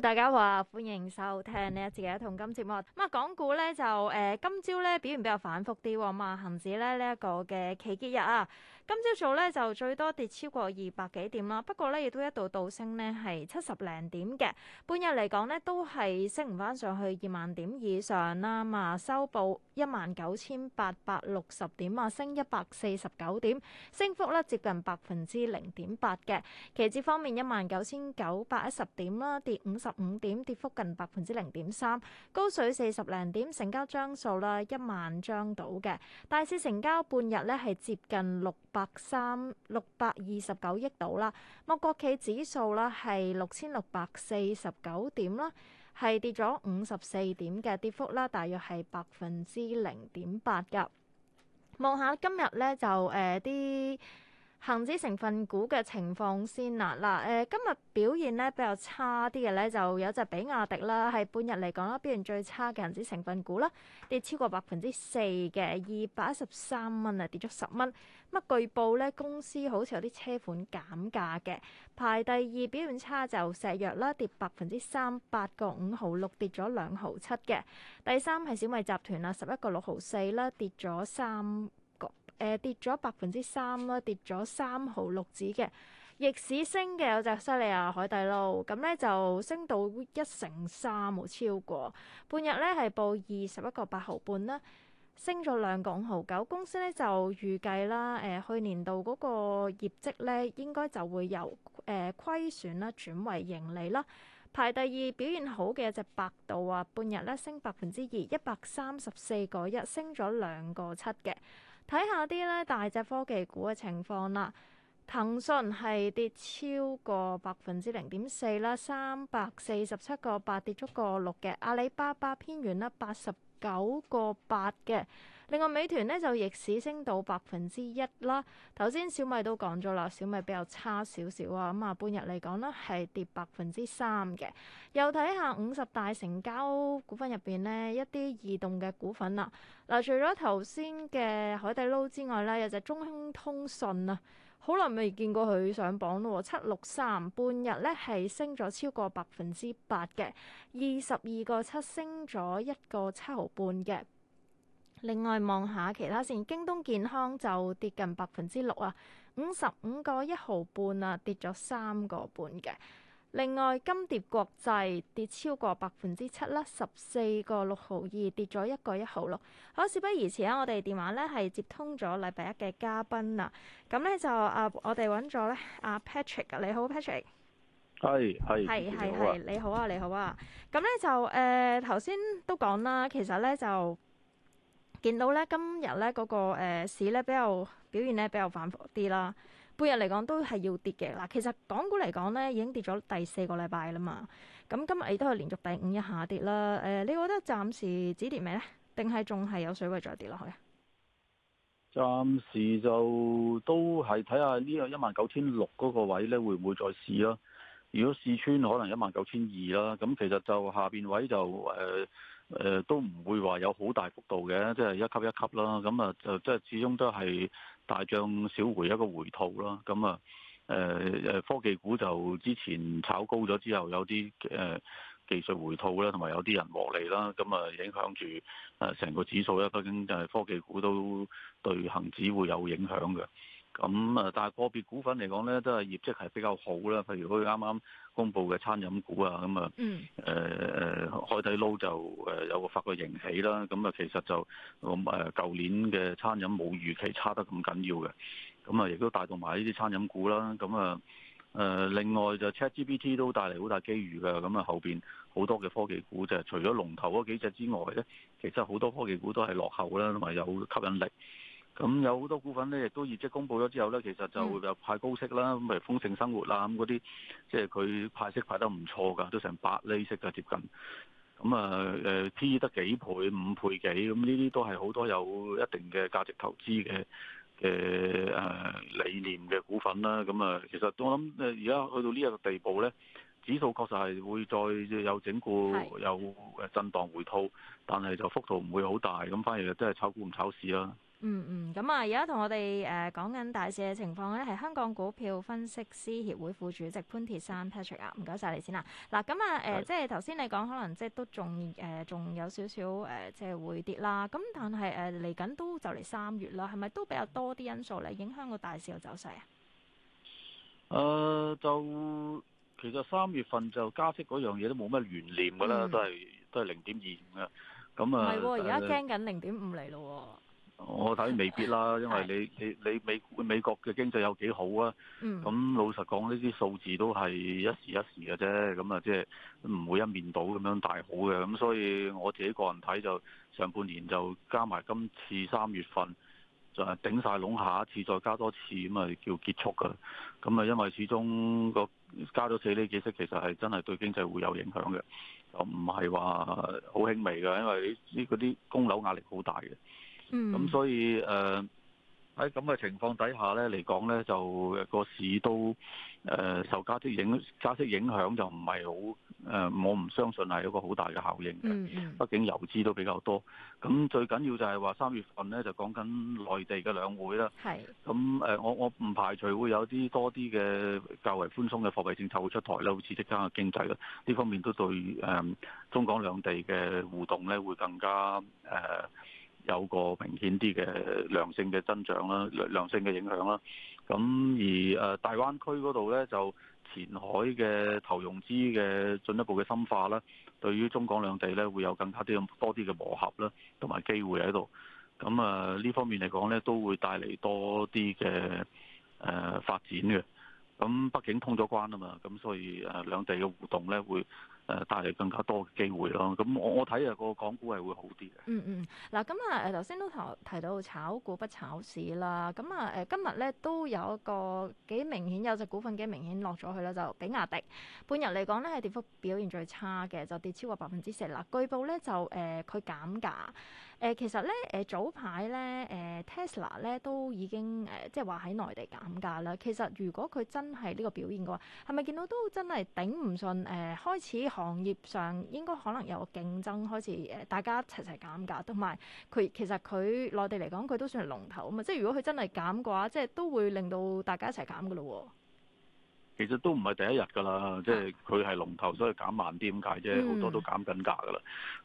大家好啊，歡迎收聽呢自己一同金節目。咁啊，港股咧就誒、呃，今朝咧表現比較反覆啲，嘛，恒指咧呢一、這個嘅期結日啊，今朝早咧就最多跌超過二百幾點啦，不過咧亦都一度倒升咧係七十零點嘅。半日嚟講咧都係升唔返上去二萬點以上啦嘛，收報一萬九千八百六十點啊，升一百四十九點，升幅咧接近百分之零點八嘅。期指方面，一萬九千九百一十點啦，跌五十。五點，跌幅近百分之零點三，高水四十零點，成交張數啦一萬張到嘅，大市成交半日咧係接近六百三六百二十九億到啦。咁國企指數啦係六千六百四十九點啦，係跌咗五十四點嘅跌幅啦，大約係百分之零點八噶。望下今日咧就誒啲。呃恒指成分股嘅情況先啦。嗱、呃，誒今日表現咧比較差啲嘅咧，就有隻比亞迪啦，係半日嚟講啦，表現最差嘅恆指成分股啦，跌超過百分之四嘅二百一十三蚊啊，跌咗十蚊。咁據報咧，公司好似有啲車款減價嘅。排第二表現差就石藥啦，跌百分之三八個五毫六，跌咗兩毫七嘅。第三係小米集團啦，十一個六毫四啦，跌咗三。跌咗百分之三啦，跌咗三毫六子嘅。逆市升嘅有隻犀利啊海底撈，咁呢，就升到一成三冇超過。半日呢係報二十一個八毫半啦，升咗兩個五毫九。公司呢就預計啦，誒、呃、去年度嗰個業績呢應該就會由誒、呃、虧損啦轉為盈利啦。排第二表現好嘅一隻百度啊，半日呢升百分之二，一百三十四個一，升咗兩個七嘅。睇下啲咧大隻科技股嘅情況啦，騰訊係跌超過百分之零點四啦，三百四十七個八跌咗個六嘅，阿里巴巴偏軟啦，八十九個八嘅。另外，美團咧就逆市升到百分之一啦。頭先小米都講咗啦，小米比較差少少啊。咁啊，半日嚟講啦，係跌百分之三嘅。又睇下五十大成交股份入邊呢，一啲異動嘅股份啦、啊。嗱、啊，除咗頭先嘅海底撈之外咧，有隻中興通訊啊，好耐未見過佢上榜咯、啊。七六三半日咧係升咗超過百分之八嘅，二十二個七升咗一個七毫半嘅。另外望下其他線，京東健康就跌近百分之六啊，五十五個一毫半啊，跌咗三個半嘅。另外金蝶國際跌超過百分之七啦，十四個六毫二跌咗一個一毫六。好，事不宜遲啊，我哋電話咧係接通咗禮拜一嘅嘉賓啊。咁咧就啊，我哋揾咗咧阿 Patrick，啊，你好 Patrick，係係係係，你好啊，你好啊。咁咧就誒頭先都講啦，其實咧就。見到咧，今日咧嗰、那個、呃、市咧比較表現咧比較反覆啲啦。半日嚟講都係要跌嘅嗱。其實港股嚟講咧已經跌咗第四個禮拜啦嘛。咁今日亦都係連續第五日下，下跌啦。誒、呃，你覺得暫時止跌未呢？定係仲係有水位再跌落去？暫時就都係睇下呢個一萬九千六嗰個位咧，會唔會再試啦？如果試穿，可能一萬九千二啦。咁其實就下邊位就誒。呃誒都唔會話有好大幅度嘅，即係一級一級啦。咁啊，就即係始終都係大漲小回一個回吐啦。咁啊，誒誒科技股就之前炒高咗之後，有啲誒技術回吐啦，同埋有啲人獲利啦。咁啊，影響住誒成個指數啦。畢竟就係科技股都對恒指會有影響嘅。咁啊，但係個別股份嚟講咧，都係業績係比較好啦。譬如好似啱啱公布嘅餐飲股啊，咁啊、嗯，誒誒、呃、海底撈就誒有個發盈喜啦。咁啊，其實就咁誒，舊年嘅餐飲冇預期差得咁緊要嘅。咁啊，亦都帶動埋呢啲餐飲股啦。咁啊，誒另外就 ChatGPT 都帶嚟好大機遇㗎。咁啊，後邊好多嘅科技股就係除咗龍頭嗰幾隻之外咧，其實好多科技股都係落後啦，同埋有吸引力。咁、嗯、有好多股份咧，亦都業績公佈咗之後咧，其實就會有派高息啦，咁譬如豐盛生活啦。咁嗰啲即係佢派息派得唔錯噶，都成八厘息噶接近。咁啊，誒、呃、P 得幾倍、五倍幾，咁呢啲都係好多有一定嘅價值投資嘅嘅誒理念嘅股份啦。咁啊，其實我諗誒而家去到呢一個地步咧，指數確實係會再有整固、有誒震盪回吐，但係就幅度唔會好大，咁反而真係炒股唔炒市啦。嗯嗯，咁、嗯、啊，而家同我哋誒講緊大市嘅情況咧，係香港股票分析師協會副主席潘鐵珊 Patrick 啊，唔該晒你先啦。嗱、嗯，咁、呃、啊，誒、呃，即係頭先你講，可能即係都仲誒仲有少少誒、呃，即係會跌啦。咁但係誒嚟緊都就嚟三月啦，係咪都比較多啲因素咧影響個大市嘅走勢啊？誒、呃，就其實三月份就加息嗰樣嘢都冇乜懸念噶啦，嗯、都係都係零點二五嘅咁啊，係喎，而家驚緊零點五嚟咯。我睇未必啦，因為你你你美美國嘅經濟有幾好啊？咁老實講，呢啲數字都係一時一時嘅啫。咁啊，即係唔會一面倒咁樣大好嘅。咁所以我自己個人睇就上半年就加埋今次三月份就係頂晒籠，下一次再加多次咁啊，叫結束噶。咁啊，因為始終個加咗四厘幾息，其實係真係對經濟會有影響嘅，就唔係話好輕微嘅，因為呢嗰啲供樓壓力好大嘅。嗯，咁所以誒喺咁嘅情況底下咧，嚟講咧，就誒個市都誒、呃、受加息影加息影響就唔係好誒，我唔相信係一個好大嘅效應嘅。畢、嗯、竟遊資都比較多。咁最緊要就係話三月份咧就講緊內地嘅兩會啦。係。咁誒，我我唔排除會有啲多啲嘅較為寬鬆嘅貨幣政策會出台啦，好似刺激緊嘅經濟啦，呢方面都對誒、呃、中港兩地嘅互動咧會更加誒。呃有個明顯啲嘅良性嘅增長啦，良性嘅影響啦。咁而誒大灣區嗰度呢，就前海嘅投融資嘅進一步嘅深化啦，對於中港兩地呢，會有更加啲咁多啲嘅磨合啦，同埋機會喺度。咁啊呢方面嚟講呢，都會帶嚟多啲嘅誒發展嘅。咁畢竟通咗關啊嘛，咁所以誒兩地嘅互動呢，會。誒帶嚟更加多嘅機會咯，咁我我睇下個港股係會好啲嘅。嗯。嗯嗯，嗱咁啊，頭先都提提到炒股不炒市啦，咁啊誒今日咧都有一個幾明顯有隻股份幾明顯落咗去啦，就比亞迪，半日嚟講咧係跌幅表現最差嘅，就跌超過百分之四。嗱，據報咧就誒佢、呃、減價。誒、呃、其實咧，誒、呃、早排咧，誒 Tesla 咧都已經誒即係話喺內地減價啦。其實如果佢真係呢個表現嘅話，係咪見到都真係頂唔順？誒、呃、開始行業上應該可能有競爭開始誒大家一齊一齊減價，同埋佢其實佢內地嚟講佢都算係龍頭啊嘛。即係如果佢真係減嘅話，即係都會令到大家一齊減㗎咯喎。其實都唔係第一日㗎啦，即係佢係龍頭，所以減慢啲咁解啫。好多都減緊價㗎啦。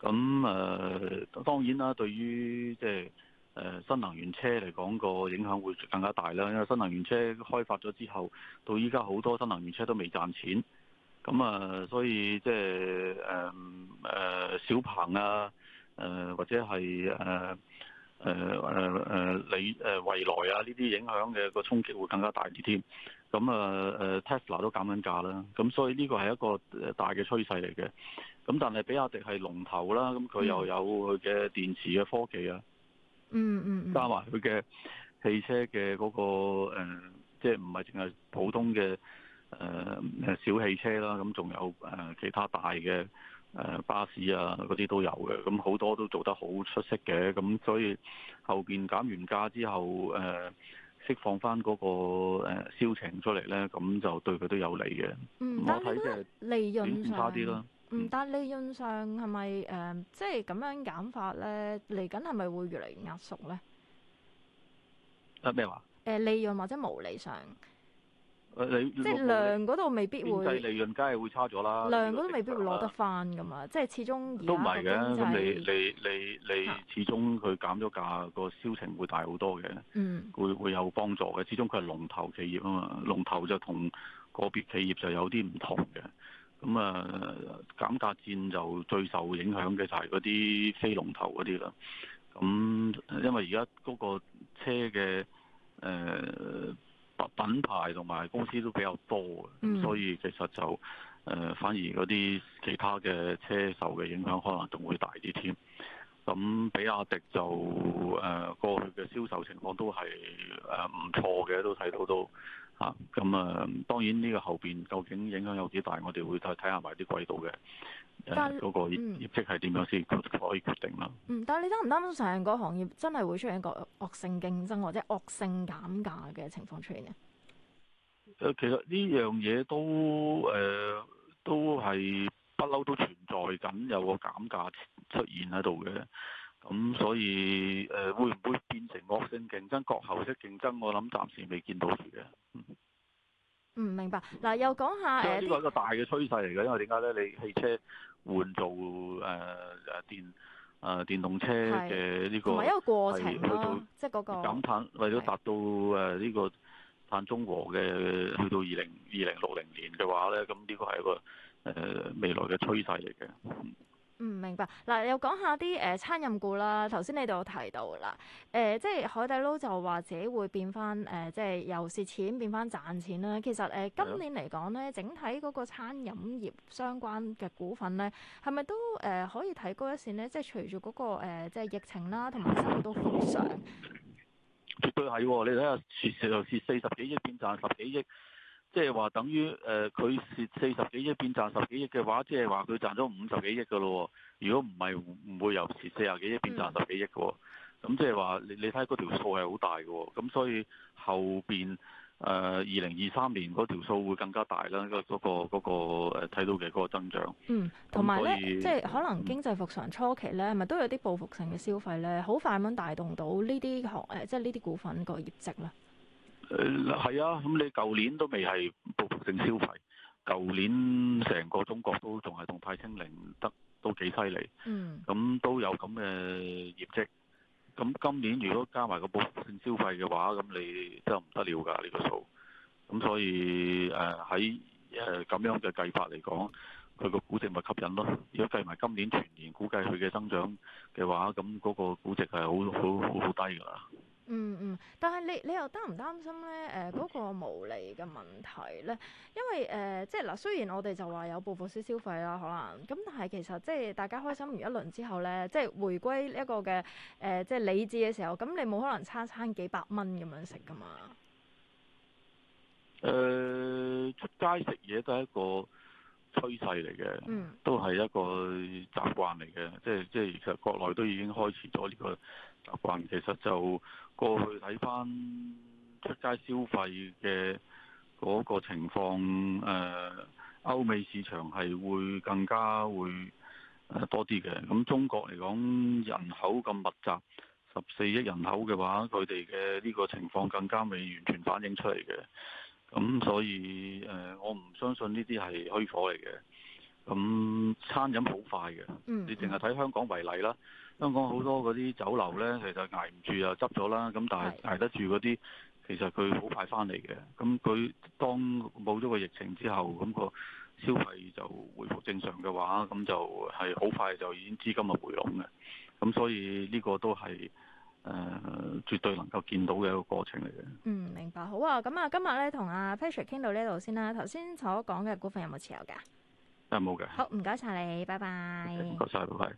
咁誒、呃、當然啦，對於即係、呃、新能源車嚟講，個影響會更加大啦。因為新能源車開發咗之後，到依家好多新能源車都未賺錢。咁啊、呃，所以即係誒誒小鵬啊，誒、呃、或者係誒誒誒誒李蔚、呃、來啊，呢啲影響嘅個衝擊會更加大啲添。咁啊，誒 Tesla 都減緊價啦，咁所以呢個係一個大嘅趨勢嚟嘅。咁但係比亞迪係龍頭啦，咁佢又有佢嘅電池嘅科技啊，嗯嗯，加埋佢嘅汽車嘅嗰、嗰個、呃、即係唔係淨係普通嘅誒、呃、小汽車啦，咁仲有誒、呃、其他大嘅誒、呃、巴士啊，嗰啲都有嘅，咁好多都做得好出色嘅，咁所以後邊減完價之後誒。呃釋放翻、那、嗰個誒、呃、銷情出嚟咧，咁就對佢都有利嘅。唔單止係利潤上差啲咯，唔單利潤上係咪誒即係咁樣減法咧？嚟緊係咪會越嚟越壓縮咧？啊咩、呃、話？誒、呃、利潤或者毛利上。誒，你即係量嗰度未必會，利潤梗係會差咗啦。量嗰度未必會攞得翻噶嘛，嗯、即係始終都唔係嘅。咁你利利利，啊、始終佢減咗價，個銷情會大好多嘅。嗯，會會有幫助嘅。始終佢係龍頭企業啊嘛，龍頭就同個別企業就有啲唔同嘅。咁、嗯、啊，減價戰就最受影響嘅就係嗰啲非龍頭嗰啲啦。咁、嗯、因為而家嗰個車嘅誒。呃品牌同埋公司都比較多，所以其實就誒、呃、反而嗰啲其他嘅車受嘅影響可能仲會大啲添。咁比亞迪就誒、呃、過去嘅銷售情況都係誒唔錯嘅，都睇到都。咁啊，當然呢個後邊究竟影響有幾大，我哋會再睇下埋啲季度嘅，誒、呃、嗰但、呃嗰個業績係點樣先，可以決定啦、嗯。但係你擔唔擔心成個行業真係會出現一個惡性競爭或者惡性減價嘅情況出現嘅？其實呢樣嘢都誒、呃，都係不嬲都存在緊，有個減價出現喺度嘅。咁、嗯、所以誒、呃，會唔會變成惡性競爭、啊、割喉式競爭？我諗暫時未見到住嘅。嗯，嗯，明白。嗱、啊，又講下誒呢個係一個大嘅趨勢嚟嘅，因為點解咧？你汽車換做誒誒、呃、電誒、呃、電動車嘅呢、這個係一個過程咯、啊，即係、嗰個減碳為咗達到誒呢的、呃、個碳中和嘅，去到二零二零六零年嘅話咧，咁呢個係一個誒未來嘅趨勢嚟嘅。嗯嗯唔明白。嗱，又講下啲誒餐飲股啦。頭、呃、先你都有提到嗱，誒、呃、即係海底撈就話自己會變翻誒、呃，即係由蝕錢變翻賺錢啦。其實誒、呃、今年嚟講咧，整體嗰個餐飲業相關嘅股份咧，係咪都誒、呃、可以提高一線呢？即係隨住嗰個、呃、即係疫情啦，同埋都好上。絕、嗯嗯、對係，你睇下蝕四十幾億變賺十幾億。即係話等於誒佢蝕四十幾億變賺十幾億嘅話，即係話佢賺咗五十幾億嘅咯。如果唔係唔會由蝕四十幾億變賺十幾億嘅、哦。咁即係話你你睇嗰條數係好大嘅、哦。咁所以後邊誒二零二三年嗰條數會更加大啦。嗰嗰個嗰個誒睇到嘅嗰個增長。嗯，同埋咧，即係可能經濟復常初期咧，係咪都有啲報復性嘅消費咧，好快咁帶動到呢啲行，誒，即係呢啲股份個業績咧？誒、係啊，咁你舊年都未係報復性消費，舊年成個中國都仲係動態清零得都幾犀利，嗯，咁都有咁嘅業績，咁今年如果加埋個報復性消費嘅話，咁你真係唔得了噶呢個數，咁所以誒喺誒咁樣嘅計法嚟講，佢個估值，咪吸引咯，如果計埋今年全年估計佢嘅增長嘅話，咁嗰個估值係好好好好低噶啦。嗯嗯，但係你你又擔唔擔心咧？誒、呃、嗰、那個無利嘅問題咧，因為誒、呃、即係嗱，雖然我哋就話有部分先消費啦，可能咁，但係其實即係大家開心完一輪之後咧，即係回歸一個嘅誒、呃、即係理智嘅時候，咁你冇可能餐餐幾百蚊咁樣食㗎嘛？誒、呃、出街食嘢都係一個趨勢嚟嘅，嗯、都係一個習慣嚟嘅，即係即係其實國內都已經開始咗呢、這個。習慣其實就過去睇翻出街消費嘅嗰個情況，誒、呃、歐美市場係會更加會多啲嘅。咁中國嚟講人口咁密集，十四億人口嘅話，佢哋嘅呢個情況更加未完全反映出嚟嘅。咁所以誒、呃，我唔相信呢啲係虛火嚟嘅。咁餐飲好快嘅，你淨係睇香港為例啦。香港好多嗰啲酒樓呢，其實捱唔住又執咗啦。咁但係捱得住嗰啲，其實佢好快翻嚟嘅。咁佢當冇咗個疫情之後，咁個消費就回復正常嘅話，咁就係好快就已經資金啊回籠嘅。咁所以呢個都係誒、呃、絕對能夠見到嘅一個過程嚟嘅。嗯，明白。好啊，咁啊，今日呢，同阿、啊、Patrick 傾到呢度先啦。頭先所講嘅股份有冇持有㗎？啊，冇嘅。好，唔該晒你，拜拜。唔該晒。好，拜拜。